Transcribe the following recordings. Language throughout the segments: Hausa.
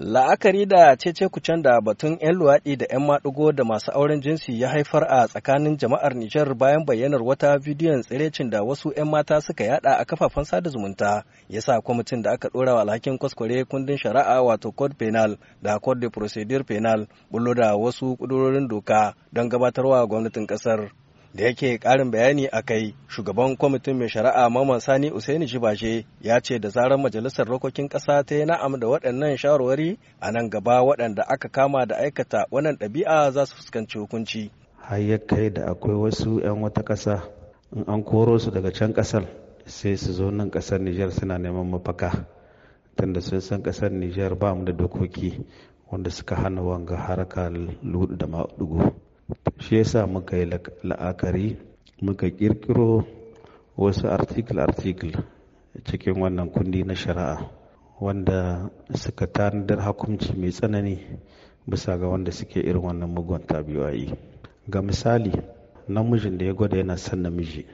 La'akari da cece kucen da batun 'yan luwaɗi da 'yan maɗigo da masu auren jinsi ya haifar a tsakanin jama'ar Nijar bayan bayyanar wata bidiyon tsirecin da wasu 'yan mata suka yada a kafafen sada zumunta ya sa kwamitin da aka ɗora wa alhakin kwaskware kundin shari'a wato code penal da code de procedure penal bullo da wasu ƙudurorin doka don gabatarwa gwamnatin ƙasar. da yake karin bayani a kai shugaban kwamitin mai shari'a Mamman Sani Usaini Jibaje ya ce da zarar majalisar rokokin ƙasa ta yi na'am da waɗannan shawarwari a nan gaba waɗanda aka kama da aikata wannan ɗabi'a za su fuskanci hukunci. Har ya kai da akwai wasu 'yan wata ƙasa in an koro su daga can ƙasar sai su zo nan ƙasar Nijar suna neman mafaka tunda sun san ƙasar Nijar ba mu da dokoki wanda suka hana wanga harka ludu da maɗugo. shi yasa muka yi la'akari muka kirkiro wasu article-article cikin wannan kundi na shari'a wanda suka tanadar hakunci mai tsanani bisa ga wanda suke irin wannan mugun tabiwayi ga misali namijin da ya gwada yana son namiji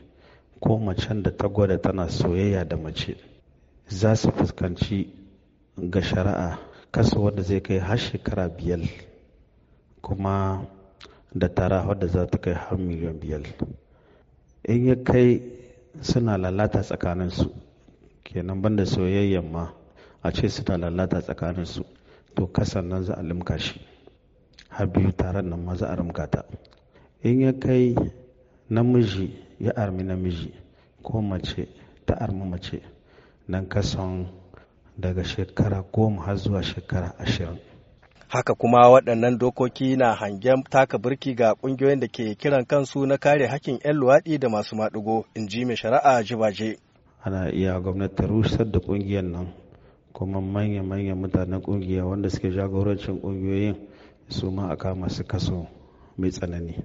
ko macen da ta gwada tana soyayya da mace za su fuskanci ga shari'a kaso wanda zai kai har shekara biyar kuma da tara wadda za ta kai har miliyan biyar in ya kai suna lalata tsakaninsu kenan banda soyayyen ma a ce suna lalata tsakaninsu to kasan nan za a limka shi har biyu taron nan ma za a rimka ta in ya kai namiji ya armi namiji ko mace ta armi mace nan kasan daga shekara goma har zuwa shekara ashirin haka kuma waɗannan dokoki na hangen taka birki ga ƙungiyoyin da ke kiran kansu na kare hakkin 'yan luwaɗi da masu maɗigo in ji mai shari'a jibaje ana iya gwamnati ta rusar da ƙungiyar nan kuma manya-manyan mutanen ƙungiya wanda suke jagorancin ƙungiyoyin su ma a kama su kaso mai tsanani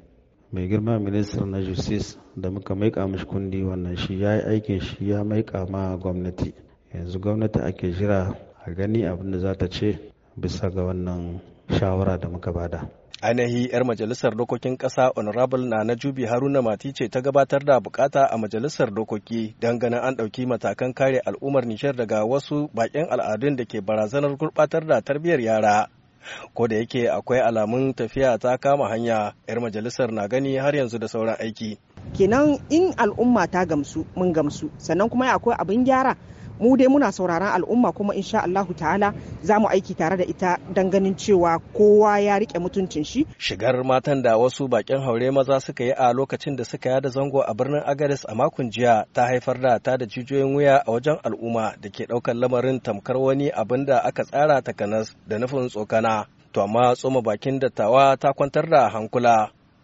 mai girma ministan na justice da muka maika mishi kundi wannan shi ya yi aikin shi ya maika ma gwamnati yanzu gwamnati ake jira a gani abin da za ta ce bisa ga wannan shawara da muka bada. ainihi 'yar majalisar dokokin ƙasa honorable na jubi haruna mati ce ta gabatar da bukata a majalisar dokoki don ganin an ɗauki matakan kare al'ummar nishar daga wasu baƙin al'adun da ke barazanar gurɓatar da tarbiyyar yara ko da yake akwai alamun tafiya ta kama hanya 'yar majalisar na gani har yanzu da sauran aiki kenan in al'umma ta gamsu mun gamsu sannan kuma akwai abin gyara mu dai muna sauraron al'umma kuma insha Allahu ta'ala za mu aiki tare da ita don ganin cewa kowa ya rike mutuncin shi. Shigar matan da wasu bakin haure maza suka yi a lokacin da suka yada zango a birnin agaris a makon jiya ta haifar da ta da jijiyoyin wuya a wajen al'umma da ke ɗaukar lamarin tamkar wani abin da aka tsara takanas da nufin tsokana. To amma tsoma bakin dattawa ta kwantar da hankula